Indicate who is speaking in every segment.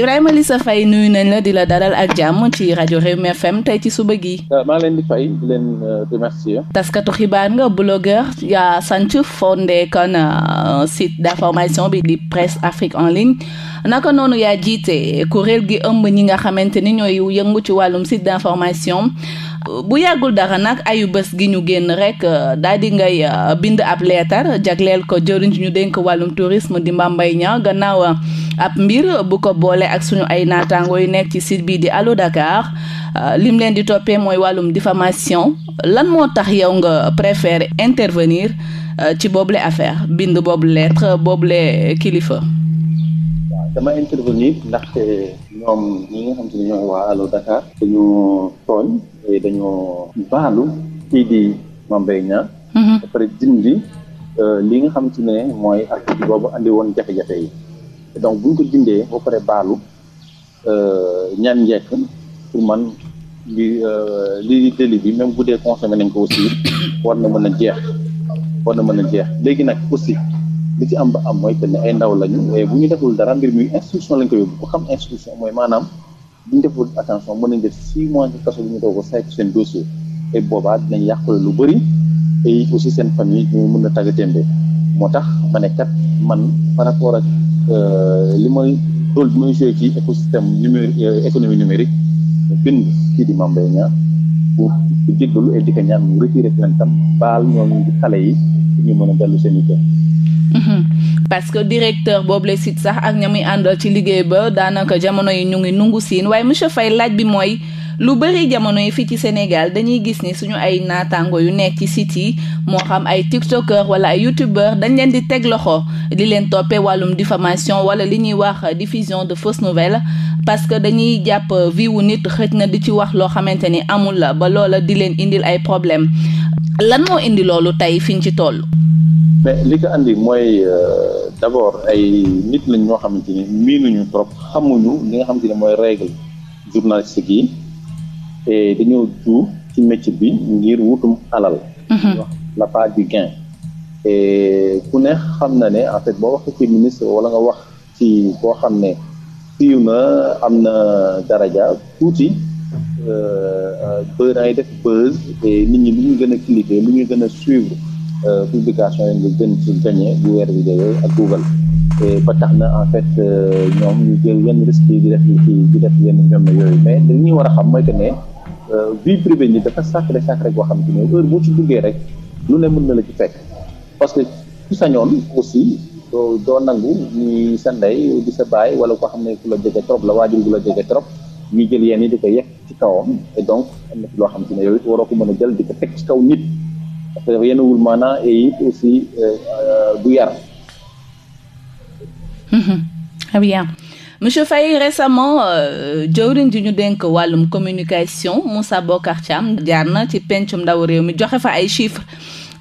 Speaker 1: Ibrahima Lissa Faye nuyu nañ la di la dalal ak jàmm ci rajo Rewmi FM tey ci suba gi. Euh, maa
Speaker 2: leen di fay di leen euh, remercier.
Speaker 1: taskatu xibaar nga blogueur yaa sant fondé kon euh, site d'information bi di presse Afrique en ligne naka noonu yaa jiite kuréel gi ëmb ñi nga xamante ni ñooy yëngu ci wàllum site d'information. bu yàggul dara nag ayu bés gi ñu génn rek euh, daal di ngay euh, bind ab leetar jagleel ko jëriñ ñu dénk wàllum tourisme di Mame Mbaye Niang gannaaw euh, ab mbir bu ko boole ak suñu ay naataango yu nekk ci site bii di Allo Dakar lim leen di toppee mooy wàllum diffamation lan moo tax yow nga préfère intervenir ci boobule affaire bind boobu lettre boobule kilifa.
Speaker 2: dama intervenir ndaxte ñoom ñi nga xam te ne ñooy waa Allo Dakar dañoo tooñ dañoo baalu kii di Mame Mbaye Niang mhm. ba pare dindi euh, li nga xam te ne mooy article boobu andi woon jafe-jafe yi donc buñ ko dindee ba pare baalu euh, ñaan njekk pour man li euh, li délit bi même bu dee consommé nañ ko aussi war na mën a jeex war na mën a jeex léegi nag aussi li ci am ba am mooy que ne ay ndaw lañu waaye bu ñu deful dara mbir mi instruction lañ ko yóbbu ko xam instruction mooy maanaam bu ñu deful attention mën nañ def six mois de kaso bu ñu doog a saytu seen dossier et boobaa dinañ yàqule lu bëri et aussi seen famille ñu mën a tàgg témbe moo tax ma ne kat man par rapport ak euh, li may rôle bi may joué ci écosystème numérique euh, économie numérique bind kii di Mame Mbaye Niang pour jéggalu et di ko ñaan mu retiré plaintam baal ñooñu xale yi ñu mën a dellu seen i kër
Speaker 1: Mhm. parce que directeur boobu la sit sax ak ña muy àndal ci liggéey ba daanaka jamono yi ñu ngi nungu siin waaye monsieur Faye laaj bi mooy lu bëri jamono yi fii ci Sénégal dañuy gis ni suñu ay naataango yu nekk ci siti moo xam ay tiktokeur wala ay youtubeur dañ leen di teg loxo di leen toppee wàllum diffamation wala li ñuy wax diffusion de fausses nouvelles parce que dañuy jàpp vie wu nit xëj na di ci wax loo xamante ni amul la ba loola di leen indil ay problème lan moo indi loolu tey fiñ ci toll
Speaker 2: mais li ko andi mooy euh, d'abord ay nit lañ ñoo xamante ni ñu trop xamuñu li nga xamante ni mooy règle journalistique yi et dañoo du ci métier bi ngir wutum alal. Mhm. la part du gain. et ku ne xam na ne en fait boo waxee ci ministre walla nga wax ci koo xam ne fiiw na am na daraja tuuti. bë da ngay def buzz nit ñi lu ñu gën a cliquer lu ñu gën a suivre. Euh, publication yi nga gën ci gagné bu weer bi deewee ak Google ba tax na en fait euh, ñoom ñu jël yenn risque yi di def ci di def yenn ñoom yooyu mais li ñuy war a xam mooy que ne euh, vie privée ni dafa sacré sacré boo xam te ne heure boo ci duggee rek lu ne mën na la ci fekk parce que ku sañoon aussi doo doo nangu ni sa ndey di sa baay wala koo xam ne ku la jege trop la waajur bu la jege trop ñuy jël yenn yi di ko yegg ci kawam et donc ne na loo xam te ne yooyu waroo ko mën a jël di ko teg ci kaw nit parce que dafa yenewul maanaam et it aussi euh, euh, du
Speaker 1: mhm. euh, ñu dénk wàllum communication Moussa Bocar Thiam jaar na ci pencum ndaw réew mi joxe fa ay chiffres.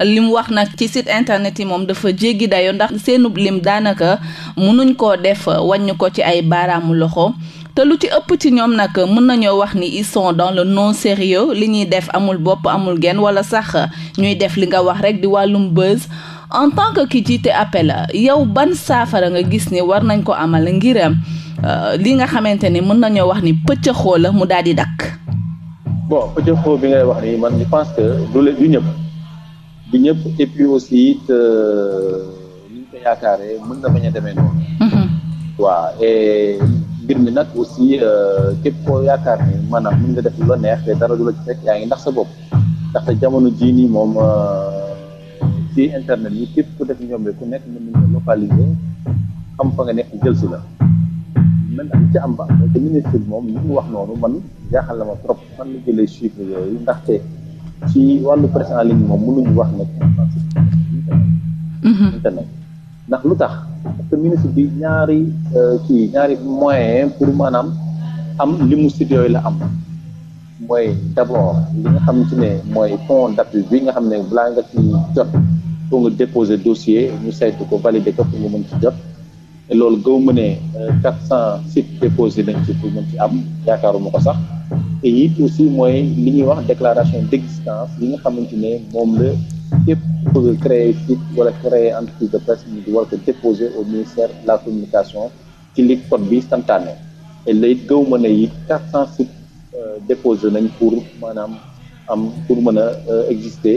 Speaker 1: li mu wax nag ci site internet yi moom dafa jéggi dayoo ndax seenub lim daanaka mënuñ koo def wàññi ko ci ay baaraamu loxo te lu ci ëpp ci ñoom nag mën nañoo wax ni ils sont dans le non sérieux li ñuy def amul bopp amul gen wala sax ñuy def li nga wax rek di wàllum buzz en tant que ki jiite appel yow ban saafara nga gis ni war nañ ko amal ngir uh, li nga xamante ni mën nañoo wax ni pëccëxoo la mu daal di dakk
Speaker 2: bon pëccëxoo bi ngay wax ni man je pense que du le du ñëpp du ñëpp et puis aussi it li euh, ñu ko yaakaaree mën na bañ a demee noonu. Mhm. waaw mbir mi nag aussi euh, képp koo yaakaar ni maanaam mën nga def lu la neex te dara du la ci fekk yaa ngi ndax sa bopp ndaxte jamono jii nii moom euh, ci internet yi képp ku def ñoom ku nekk mën nañu localisé xam fa nga nekk jël si la man am ci am ba te moom li mu wax noonu man jaaxal na ma trop fan la jëlee chiffre yooyu ndaxte ci wàllu presse en ligne moom mënuñu wax nag mhm. internet ndax lu tax te ministre bi ñaari euh, kii ñaari moyen pour maanaam am li mu site yooyu la am mooy d'abord li nga xam ne mooy fonds d'appui bi nga xam ne balaa nga ci jot foo nga déposer dossier ñu saytu ko valider ko pour nga mën ci jot loolu gëw ma ne euh, quatre cent sites déposé nañ ci pour mën ci am yaakaaruma ko sax et it aussi mooy li ñuy wax déclaration d'existence li nga xamante ne moom la yépp bëgg créer titre wala créer entreprise de presse ñu war ko déposer au ministère de la communication ci li code bi santaane et léegi gëwuma ne yi quatre cent sites euh, déposé nañ pour maanaam am pour mën a euh, exister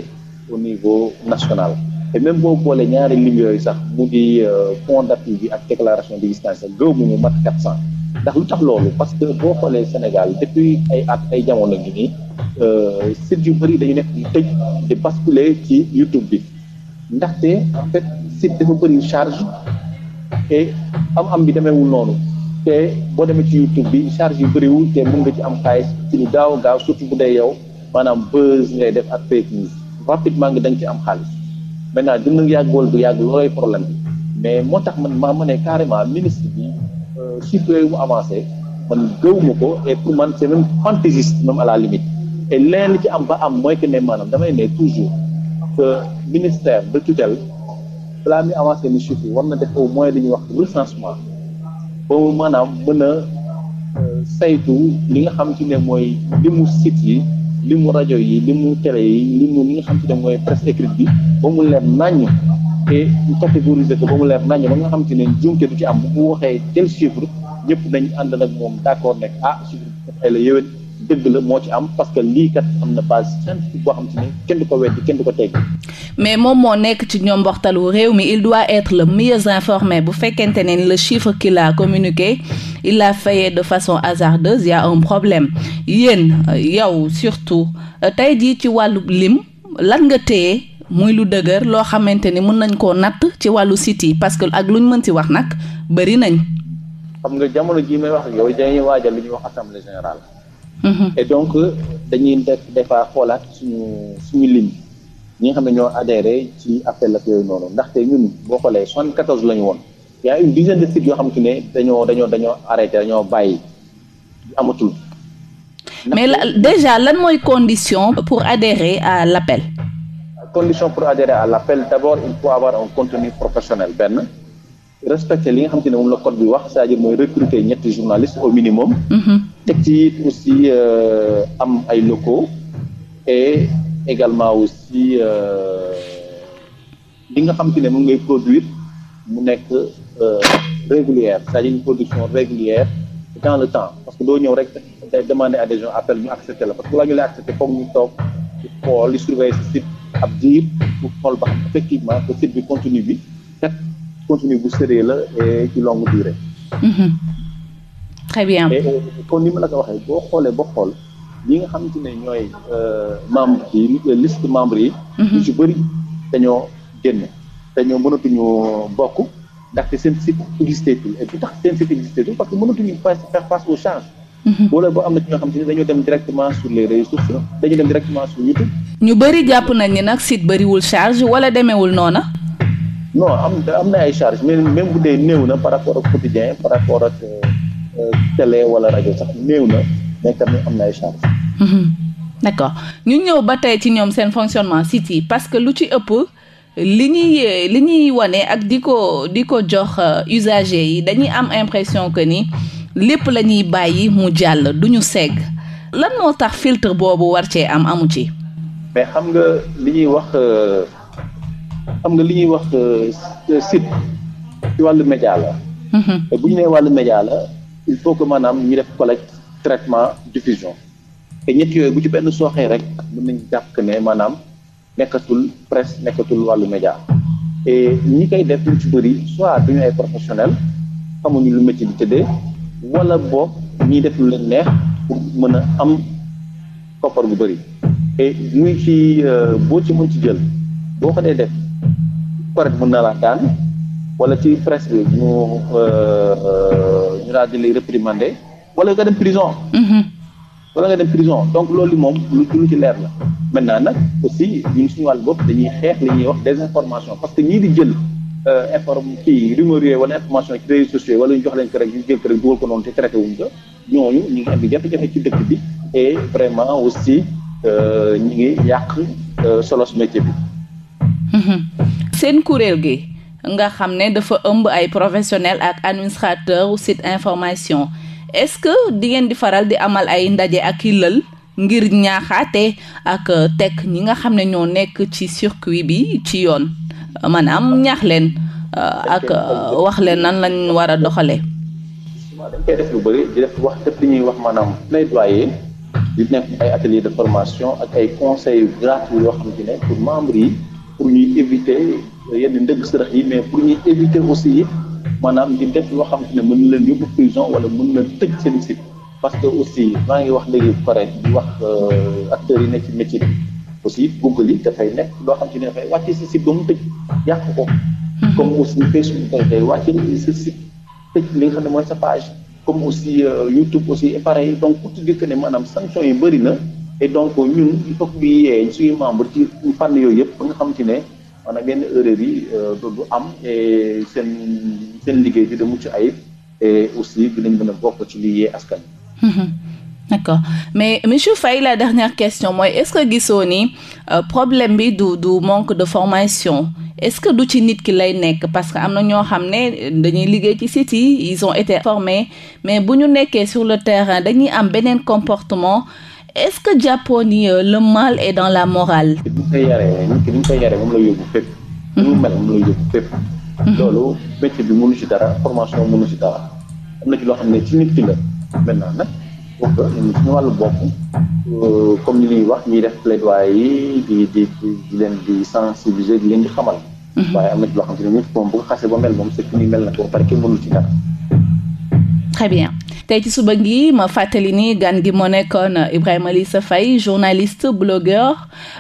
Speaker 2: au niveau national et même boo boolee ñaari lim yooyu sax mu di euh, fond yi bi ak déclaration de gis naa sax gëwuma mu mat quatre cent ndax lu tax loolu parce que boo xoolee Sénégal depuis ay at ay jamono gi nii Euh, site yu bëri dañu nekk di tëj di basculer ci YouTube bi ndaxte en fait site dafa bëri charge et am-am bi demeewul noonu te boo demee ci YouTube bi charge yu bëriwul te mën nga ci am xaalis ci lu gaaw gaaw surtout bu dee yow maanaam buzz ngay def ak fake news rapidement nga da ci am xaalis maintenant dina yàggool du yàgg yàgg loolooy problème bi mais moo tax man maa ma ne carrément ministre bi euh, chiffre yooyu mu avancé man gëwuma ko et pour man c'est même fantaisiste même la limite te leen li ci am ba am mooy que ne maanaam damay ne toujours que ministère de tutelle balaa muy avancé ni chiffre war na def au moins li ñuy wax recensement boobu maanaam mën a euh, saytu li nga xam ci ne mooy limu site yi limu rajo yi limu télé yi mu li nga xam ci ne mooy presse écrite bi ba mu leer naññ te ñu catégoriser ko ba mu leer naññ ba nga xam ci ne njuumte du ci am bu waxee tel chiffre ñëpp nañ ànd nag moom d'accord nekk ah chiffre dafay la yéwén dëgg la moo ci am parce que lii kat am na base scientifique boo xam te ne kenn du ko weddi kenn du ko tegg
Speaker 1: mais moom moo nekk ci ñoo waxtalu réew mi il doit être le mieux informé bu fekkente ne le chiffre qu'il a communiqué il l'a fait de façon hasardeuse il un problème yéen yow surtout tey jii ci wàllu lim lan nga téye muy lu dëgër loo xamante ni mën nañ koo natt ci wàllu site yi parce que ak luñ mën ci wax nag bëri nañ.
Speaker 2: xam nga jamono jii may wax ak yow dañuy waajal li ñuy wax assemblée Mm-hmm. et donc dañuy def des xoolaat suñu suñu lim ñi nga xam ne ñoo adhéré ci appel ak yooyu noonu ndaxte ñun boo xoolee soixante quatorze la woon y a une dizaine de sites yoo xam te ne dañoo dañoo dañoo arrêté dañoo bàyyi amatul.
Speaker 1: mais la déjà lan mooy condition pour adhérer à l' appel.
Speaker 2: condition pour adhérer à l' appel d' abord il faut avoir un contenu professionnel benn respecter li nga xam te ne moom la code bi wax saa à mooy recruter ñetti journalistes au minimum. Mm teg ci aussi euh, am ay locaux et également aussi euh, li nga xam te ne moom ngay produire mu nekk euh, régulière c'est-à-dire une production régulière dans le temps parce que doo ñëw rek day demander à des gens appel ñu accepté la parce que balaa ñu lay accepté foog ñu toog di xool yu surveiller si site ab diir pour xool ba xam effectivement que bi contenu bi kat contenu bu sérieux la et ci longue durée mm-hmm. très bien kon ni ma la ko waxee boo xoolee ba xool ñi nga xam xamante ne ñooy euh, membre yi euh, liste membre yi. yu mhm. ci bëri dañoo génn dañoo mënatuñu bokk ndaxte seen site existé tout et du tax seen site existé parce que mënatuñu faire face au change. wala mhm. boo am na ci ñoo xamante ne dañoo dem directement sur les réseaux sociaux dañoo dem directement sur YouTube.
Speaker 1: ñu bëri jàpp nañ ni nag site bëriwul charge wala demeewul noona
Speaker 2: non am am na ay charge mais même bu dee néew na par rapport ak quotidien par télé wala rajo sax néew na mais am na ay charge mhm.
Speaker 1: d' accord ñu ñëw ba tey ci ñoom seen fonctionnement site yi parce que lu ci ëpp li ñuy li ñuy wane ak di ko di ko jox euh, usager yi dañuy am impression que ni lépp la ñuy bàyyi mu jàll du ñu segg lan moo tax filtre boobu war cee am amu ci.
Speaker 2: mais xam nga li ñuy wax euh, xam nga li ñuy wax euh, site ci wàllu média la. Mhm. bu ñu nee wàllu média la. il faut que maanaam ñu def collecte traitement diffusion te ñett yooyu bu ci benn sooxee rek mën nañ jàpp ne maanaam nekkatul presque nekkatul wàllu média et ñi koy def lu ci bëri soit duñu ay professionnel xamuñu lu métier di tëddee wala boog ñiy def lu leen neex pour mën a am koppar bu bëri et muy ci euh, boo ci mën ci jël boo ko dee def correct mën na laa daan wala ci presque bi ñu euh, ñu daal di lay réprimander wala nga dem prison. Mm-hmm. wala nga dem prison donc loolu moom lu lu ci leer la maintenant nag aussi ñun suñu wàll bopp dañuy xeex li ñuy wax désinformation parce que ñii di jël euh, inform kii rumeur yooyu wala information ci réseaux sociaux wala ñu jox leen ko rek ñu jël ko rek dugal ko noonu te traité wuñ ko ñooñu ñu ngi indi jafe-jafe ci dëkk bi et vraiment aussi euh, ñu ngi yàq solos métier bi.
Speaker 1: Mm-hmm. seen kuréel gi. nga xam ne dafa ëmb ay professionnel ak administrateur site information est-ce que di ngeen di faral di amal ay ndaje ak i lël ngir ñaaxaate ak euh, teg ñi nga xam ne ñoo nekk ci circuit bi ci yoon maanaam ñax leen euh, ak euh, wax leen nan lañ war a doxalee.
Speaker 2: dañ koy lu di def wax def li ñuy wax maanaam plaidoyer di nekk ay atelier de formation ak ay conseils gratuits yoo xamante ne pour membres yi pour ñuy éviter yenn ndëgg sërëx yi mais pour ñuy éviter aussi yi maanaam di def loo xam ne mën na leen yóbbu prison wala mën na tëj seen site parce que aussi maa ngi wax léegi pare di wax euh, acteurs yi nekk ci métier aussi Google yi dafay nekk loo xam ne dafay wàcc si ba mu tëj yàq ko. Mhm. comme aussi Facebook tey day wàcc si site li nga xam ne mooy sa page. comme aussi euh, YouTube aussi et pareil donc pour te dire que ne maanaam sanction yi bëri na et donc ñun il faut que ñu yee suñu membre ci fànn yooyu yëpp ba nga xam ne. maanaam yenn erreur yi du euh, am et seen seen liggéey dina mucc ayib et aussi dinañ a bokk ci liy yee askan
Speaker 1: mhm. d'accord mais monsieur Faye la dernière question mooy est-ce que gisoo ni euh, problème bi du du manque de formation est-ce que du ci nit ki lay nekk parce que am na ñoo xam ne dañuy liggéey ci site yi ils ont été formés mais bu ñu nekkee sur le terrain dañuy am beneen comportement est-ce que jàppoo ni la mal est dans la morale. te buñ
Speaker 2: koy yaree ki ni ñu koy yaree moom la yóbbu fépp. ni mu mel moom la yóbbu fépp. Mhm. loolu métier bi mënu ci dara formation mënu ci dara am na ci loo xam ne ci nit ki la maintenant nag pour que ñun suñu wàllu bopp euh, comme ni ñuy wax ñuy def plaidoyer yi di di di leen di sensibiliser leen di xamal. Mhm. waaye am na loo xam ne nit moom bu ko xasee ba mel moom c'est que ni mel na ko ba pare kenn mënu ci dara.
Speaker 1: très bien. tey ci suba gi ma fàttali ni gan gi moo nekkoon uh, Ibrahima Lissa Faye journaliste blogueur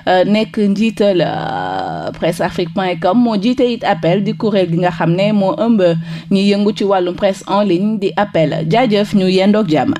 Speaker 1: uh, nekk njiital uh, presse afrique point com moo jiite it appel di kuréel gi nga xam ne moo ëmb ñi yëngu ci wàllum presse en di appel jaajëf ñu yendoog jàmm